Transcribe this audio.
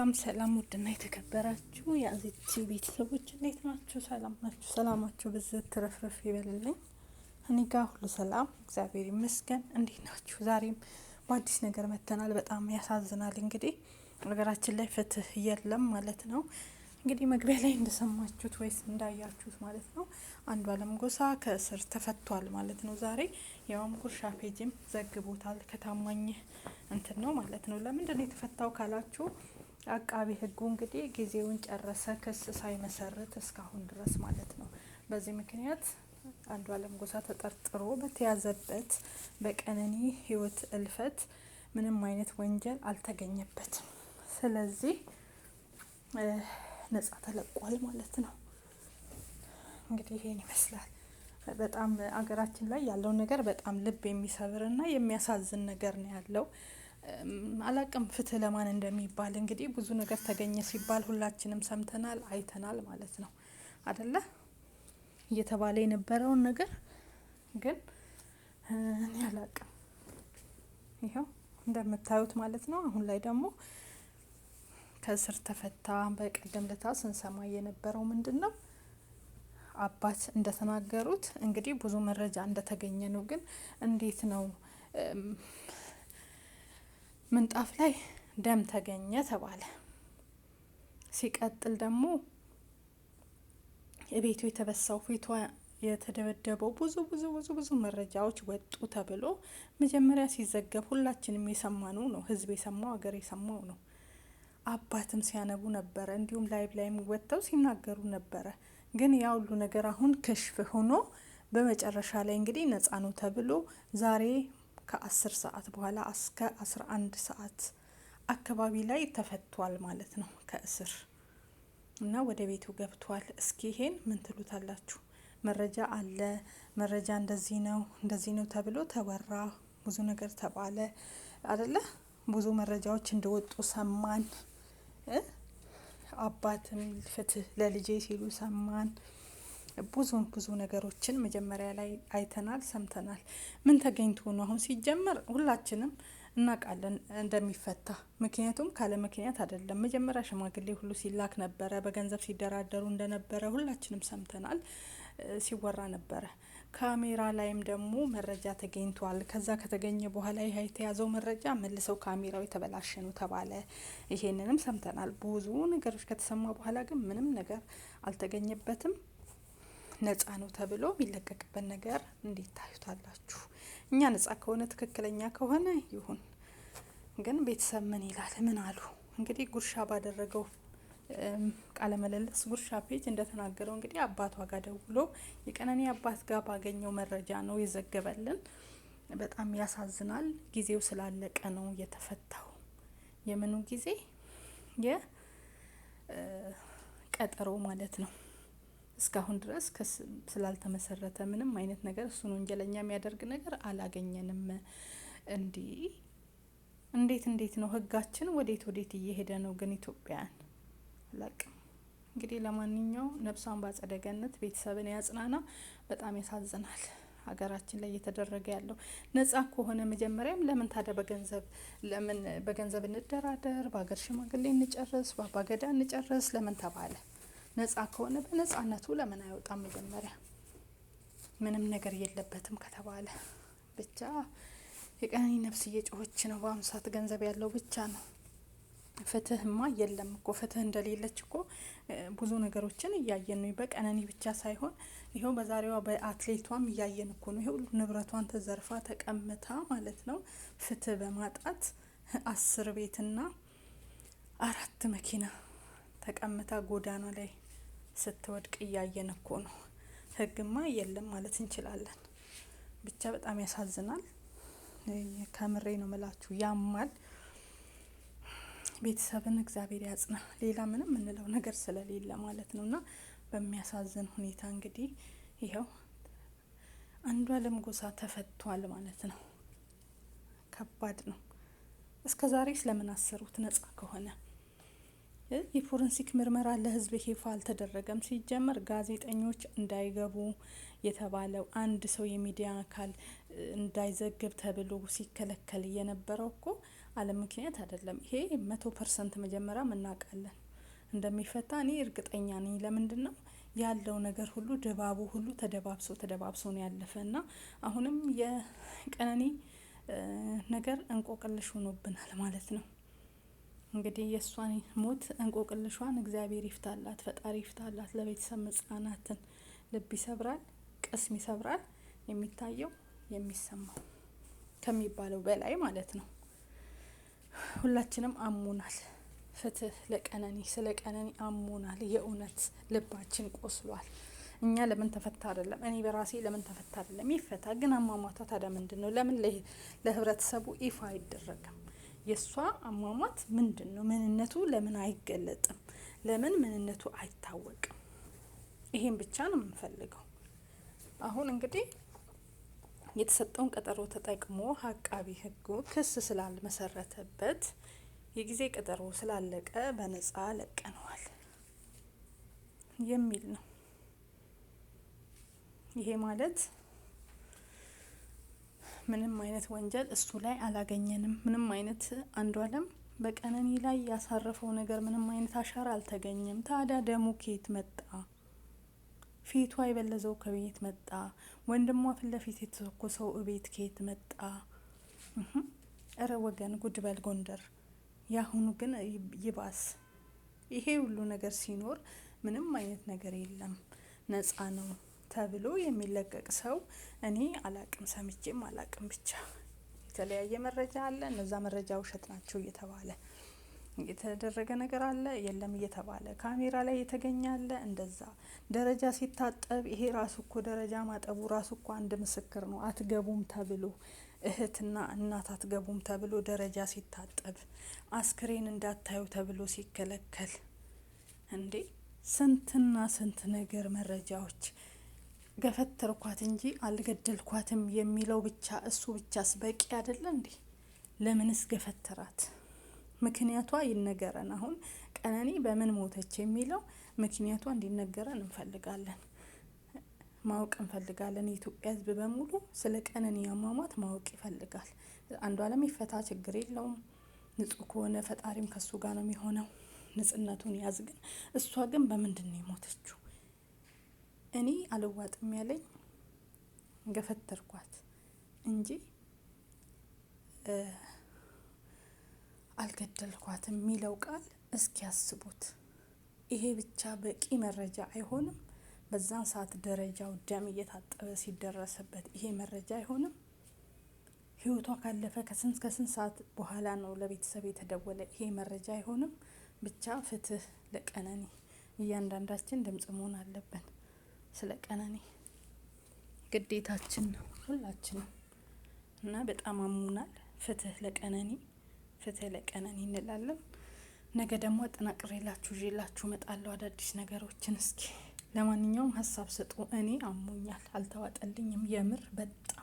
በጣም ሰላም ውድና የተከበራችሁ የአዜቲ ቤተሰቦች እንዴት ናችሁ? ሰላም ናችሁ? ሰላማችሁ ብዝት ትረፍረፍ ይበልልኝ። እኔ ሁሉ ሰላም እግዚአብሔር ይመስገን። እንዴት ናችሁ? ዛሬም በአዲስ ነገር መተናል። በጣም ያሳዝናል። እንግዲህ ሀገራችን ላይ ፍትህ የለም ማለት ነው። እንግዲህ መግቢያ ላይ እንደሰማችሁት ወይስ እንዳያችሁት ማለት ነው አንዷለም ጎሳ ከእስር ተፈቷል ማለት ነው። ዛሬ የማም ጉርሻ ፔጅም ዘግቦታል። ከታማኝ እንትን ነው ማለት ነው። ለምንድን ነው የተፈታው ካላችሁ አቃቢ ህጉ እንግዲህ ጊዜውን ጨረሰ፣ ክስ ሳይመሰርት እስካሁን ድረስ ማለት ነው። በዚህ ምክንያት አንዱ አለም ጎሳ ተጠርጥሮ በተያዘበት በቀነኒ ህይወት እልፈት ምንም አይነት ወንጀል አልተገኘበትም። ስለዚህ ነጻ ተለቋል ማለት ነው። እንግዲህ ይሄን ይመስላል። በጣም አገራችን ላይ ያለው ነገር በጣም ልብ የሚሰብር እና የሚያሳዝን ነገር ነው ያለው። አላቅም ፍትህ ለማን እንደሚባል እንግዲህ ብዙ ነገር ተገኘ ሲባል ሁላችንም ሰምተናል አይተናል ማለት ነው አደለ እየተባለ የነበረውን ነገር ግን እኔ አላቅም ይኸው እንደምታዩት ማለት ነው አሁን ላይ ደግሞ ከእስር ተፈታ በቀደም ለታ ስንሰማ የነበረው ምንድን ነው አባት እንደተናገሩት እንግዲህ ብዙ መረጃ እንደተገኘ ነው ግን እንዴት ነው ምንጣፍ ላይ ደም ተገኘ ተባለ። ሲቀጥል ደግሞ የቤቱ የተበሳው ፊቷ የተደበደበው ብዙ ብዙ ብዙ ብዙ መረጃዎች ወጡ ተብሎ መጀመሪያ ሲዘገብ ሁላችንም የሰማነው ነው። ህዝብ የሰማው ሀገር የሰማው ነው። አባትም ሲያነቡ ነበረ፣ እንዲሁም ላይብ ላይም ወጥተው ሲናገሩ ነበረ። ግን ያ ሁሉ ነገር አሁን ክሽፍ ሆኖ በመጨረሻ ላይ እንግዲህ ነፃ ነው ተብሎ ዛሬ ከ10 ሰዓት በኋላ እስከ 11 ሰዓት አካባቢ ላይ ተፈቷል ማለት ነው ከእስር እና ወደ ቤቱ ገብቷል። እስኪ ይሄን ምን ትሉታላችሁ? መረጃ አለ፣ መረጃ እንደዚህ ነው እንደዚህ ነው ተብሎ ተወራ፣ ብዙ ነገር ተባለ አደለ? ብዙ መረጃዎች እንደወጡ ሰማን። አባትም ፍትህ ለልጄ ሲሉ ሰማን። ብዙ ብዙ ነገሮችን መጀመሪያ ላይ አይተናል፣ ሰምተናል። ምን ተገኝቶ ነው አሁን ሲጀመር ሁላችንም እናውቃለን እንደሚፈታ። ምክንያቱም ካለ ምክንያት አይደለም። መጀመሪያ ሽማግሌ ሁሉ ሲላክ ነበረ፣ በገንዘብ ሲደራደሩ እንደነበረ ሁላችንም ሰምተናል፣ ሲወራ ነበረ። ካሜራ ላይም ደግሞ መረጃ ተገኝቷል። ከዛ ከተገኘ በኋላ ይህ የተያዘው መረጃ መልሰው ካሜራው የተበላሸ ነው ተባለ። ይሄንንም ሰምተናል። ብዙ ነገሮች ከተሰማ በኋላ ግን ምንም ነገር አልተገኘበትም። ነጻ ነው ተብሎ የሚለቀቅበት ነገር እንዴት ታዩታላችሁ? እኛ ነጻ ከሆነ ትክክለኛ ከሆነ ይሁን። ግን ቤተሰብ ምን ይላል? ምን አሉ? እንግዲህ ጉርሻ ባደረገው ቃለ ጉርሻ ፔጅ እንደተናገረው እንግዲህ አባቷ ጋር ደውሎ የቀነኒ አባት ጋር ባገኘው መረጃ ነው የዘገበልን። በጣም ያሳዝናል። ጊዜው ስላለቀ ነው የተፈታው። የምኑ ጊዜ የቀጠሮ ማለት ነው እስካሁን ድረስ ስላልተመሰረተ ምንም አይነት ነገር እሱን ወንጀለኛ የሚያደርግ ነገር አላገኘንም። እንዲህ እንዴት እንዴት ነው ህጋችን ወዴት ወዴት እየሄደ ነው? ግን ኢትዮጵያን ለቅ እንግዲህ ለማንኛው ነብሷን በአጸደ ገነት ቤተሰብን ያጽናና። በጣም ያሳዝናል። ሀገራችን ላይ እየተደረገ ያለው ነጻ ከሆነ መጀመሪያም ለምን ታዲያ በገንዘብ ለምን በገንዘብ እንደራደር፣ በሀገር ሽማግሌ እንጨርስ፣ በአባገዳ እንጨርስ ለምን ተባለ? ነጻ ከሆነ በነጻነቱ ለምን አይወጣም? መጀመሪያ ምንም ነገር የለበትም ከተባለ ብቻ የቀነኒ ነፍስ እየጮኸች ነው። በአሁኑ ሰዓት ገንዘብ ያለው ብቻ ነው። ፍትህማ የለም እኮ ፍትህ እንደሌለች እኮ ብዙ ነገሮችን እያየን ነው። በቀነኒ ብቻ ሳይሆን ይኸው በዛሬዋ በአትሌቷም እያየን እኮ ነው። ይኸው ንብረቷን ተዘርፋ ተቀምታ ማለት ነው ፍትህ በማጣት አስር ቤትና አራት መኪና ተቀምታ ጎዳና ላይ ስትወድቅ እያየን እኮ ነው። ህግማ የለም ማለት እንችላለን። ብቻ በጣም ያሳዝናል። ከምሬ ነው ምላችሁ፣ ያማል። ቤተሰብን እግዚአብሔር ያጽና። ሌላ ምንም የምንለው ነገር ስለሌለ ማለት ነው እና በሚያሳዝን ሁኔታ እንግዲህ ይኸው አንዷለም ጎሳ ተፈቷል ማለት ነው። ከባድ ነው። እስከ ዛሬ ስለምን አሰሩት ነጻ ከሆነ የፎረንሲክ ምርመራ ለህዝብ ይፋ አልተደረገም። ሲጀመር ጋዜጠኞች እንዳይገቡ የተባለው አንድ ሰው የሚዲያ አካል እንዳይዘግብ ተብሎ ሲከለከል የነበረው እኮ አለ ምክንያት አይደለም። ይሄ መቶ ፐርሰንት መጀመሪያ እናውቃለን እንደሚፈታ እኔ እርግጠኛ ነኝ። ለምንድን ነው ያለው ነገር ሁሉ ድባቡ ሁሉ ተደባብሶ ተደባብሶ ነው ያለፈ እና አሁንም የቀነኒ ነገር እንቆቅልሽ ሆኖብናል ማለት ነው። እንግዲህ የእሷን ሞት እንቆቅልሿን እግዚአብሔር ይፍታላት፣ ፈጣሪ ይፍታላት። ለቤተሰብ መጽናናትን ልብ ይሰብራል፣ ቅስም ይሰብራል። የሚታየው የሚሰማው ከሚባለው በላይ ማለት ነው። ሁላችንም አሙናል? ፍትህ ለቀነኒ ስለ ቀነኒ አሙናል። የእውነት ልባችን ቆስሏል። እኛ ለምን ተፈታ አይደለም፣ እኔ በራሴ ለምን ተፈታ አይደለም። ይፈታ ግን አሟሟቷ ታዲያ ምንድን ነው? ለምን ለህብረተሰቡ ይፋ አይደረግም? የእሷ አሟሟት ምንድን ነው? ምንነቱ ለምን አይገለጥም? ለምን ምንነቱ አይታወቅም? ይሄን ብቻ ነው የምንፈልገው። አሁን እንግዲህ የተሰጠውን ቀጠሮ ተጠቅሞ አቃቢ ሕጉ ክስ ስላልመሰረተበት የጊዜ ቀጠሮ ስላለቀ በነጻ ለቀነዋል የሚል ነው። ይሄ ማለት ምንም አይነት ወንጀል እሱ ላይ አላገኘንም። ምንም አይነት አንዷለም በቀነኒ ላይ ያሳረፈው ነገር ምንም አይነት አሻራ አልተገኘም። ታዲያ ደሙ ከየት መጣ? ፊቷ የበለዘው ከቤት መጣ? ወንድሟ ፊት ለፊት የተተኮሰው እቤት ከየት መጣ? እረ ወገን ጉድበል ጎንደር። ያሁኑ ግን ይባስ። ይሄ ሁሉ ነገር ሲኖር ምንም አይነት ነገር የለም፣ ነጻ ነው። ተብሎ የሚለቀቅ ሰው እኔ አላቅም፣ ሰምቼም አላቅም። ብቻ የተለያየ መረጃ አለ። እነዛ መረጃ ውሸት ናቸው እየተባለ የተደረገ ነገር አለ፣ የለም እየተባለ ካሜራ ላይ የተገኘ አለ። እንደዛ ደረጃ ሲታጠብ ይሄ ራሱ እኮ ደረጃ ማጠቡ ራሱ እኮ አንድ ምስክር ነው። አትገቡም ተብሎ እህትና እናት አትገቡም ተብሎ ደረጃ ሲታጠብ አስክሬን እንዳታዩ ተብሎ ሲከለከል እንዴ ስንትና ስንት ነገር መረጃዎች ገፈተርኳት እንጂ አልገደልኳትም የሚለው ብቻ እሱ ብቻስ በቂ አይደለ እንዴ? ለምንስ ገፈተራት? ምክንያቷ ይነገረን። አሁን ቀነኒ በምን ሞተች የሚለው ምክንያቷ እንዲነገረን እንፈልጋለን፣ ማወቅ እንፈልጋለን። የኢትዮጵያ ሕዝብ በሙሉ ስለ ቀነኒ አሟሟት ማወቅ ይፈልጋል። አንዷለም ይፈታ፣ ችግር የለውም። ንጹህ ከሆነ ፈጣሪም ከሱ ጋር ነው የሚሆነው። ንጽህነቱን ያዝ። ግን እሷ ግን በምንድን ነው የሞተችው? እኔ አልዋጥም ያለኝ ገፈተርኳት እንጂ አልገደልኳት የሚለው ቃል እስኪ ያስቡት። ይሄ ብቻ በቂ መረጃ አይሆንም? በዛን ሰዓት ደረጃው ደም እየታጠበ ሲደረስበት ይሄ መረጃ አይሆንም? ህይወቷ ካለፈ ከስንት ከስንት ሰዓት በኋላ ነው ለቤተሰብ የተደወለ? ይሄ መረጃ አይሆንም? ብቻ ፍትህ ለቀነኒ። እያንዳንዳችን ድምፅ መሆን አለብን። ስለ ቀነኔ ግዴታችን ነው ሁላችንም እና በጣም አሙናል። ፍትህ ለቀነኔ ፍትህ ለቀነኔ እንላለን። ነገ ደግሞ አጠናቅሬላችሁ ይዤላችሁ እመጣለሁ አዳዲስ ነገሮችን። እስኪ ለማንኛውም ሀሳብ ስጡ። እኔ አሞኛል፣ አልተዋጠልኝም የምር በጣም